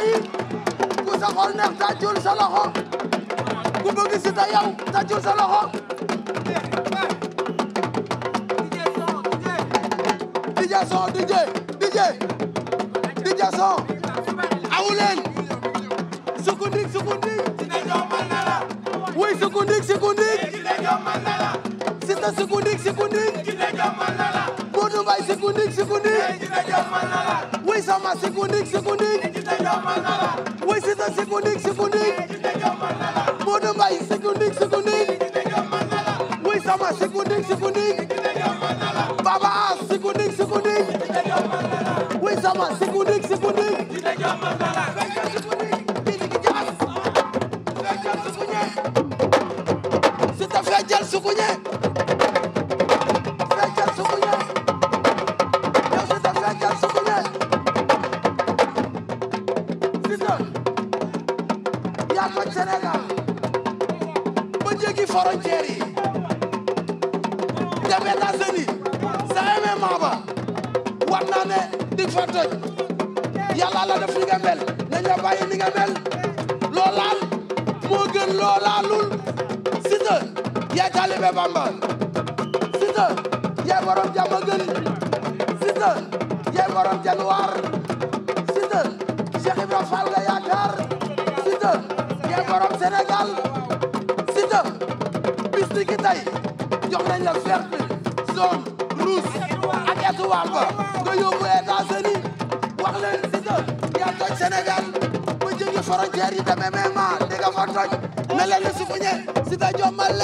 yi ku sa xol neex tàccul sa loxo ku bëgg Siteu yow tàccul sa loxo DJ son DJ DJ DJ son awu leen sukundik sukundik Siteu jommal na la wuy sukundik sukundik Siteu jommal na la Siteu sukundik sukundik Siteu jommal na la Modou Mbaye sukundik sukundik Siteu jommal na la wuy sama sukundik sukundik Oui, sito, sikounik, sikounik. Mon Ajou, sikounik, sikounik. Oui, zama, sikounik, sikounik. Baba Az, sikounik, sikounik. Oui, zama, sikounik, sikounik. Sete, sikounik, sikounik. Ki dik ja. Sete, sikounik, sikounik. Sete, sikounik, sikounik. Sénégal ba jéggi frontière yi dem États-Unis sa MMA ba war fa toj yàlla la def li nga mel na nga bàyyi ni mel loo laal moo gën loo laalul Siteu yaay taalibe Bamba Siteu yaay borom jàmm gën Siteu yaay borom januar Siteu Cheikh Ibrahima Fall nga yaakaar guddi gi jox nañ la verte zone rouge ak étoile ba nga yóbbu États-Unis wax leen Siteu yaa toj Sénégal ba jéggi frontière yi demee MMA di nga fa toj ne leen ne su fu ñëwee Siteu jommal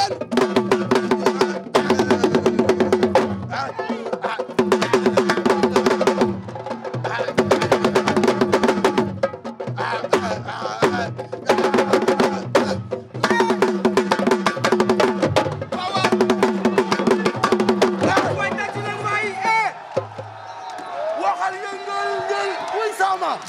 Selma.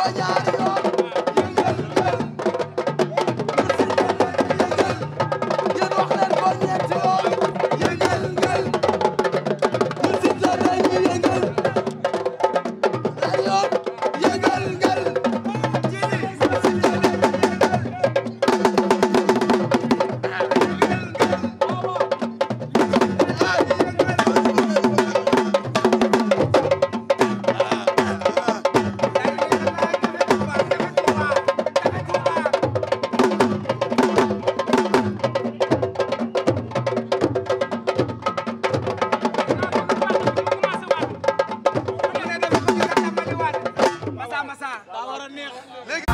Soñar con Massa daa war a neex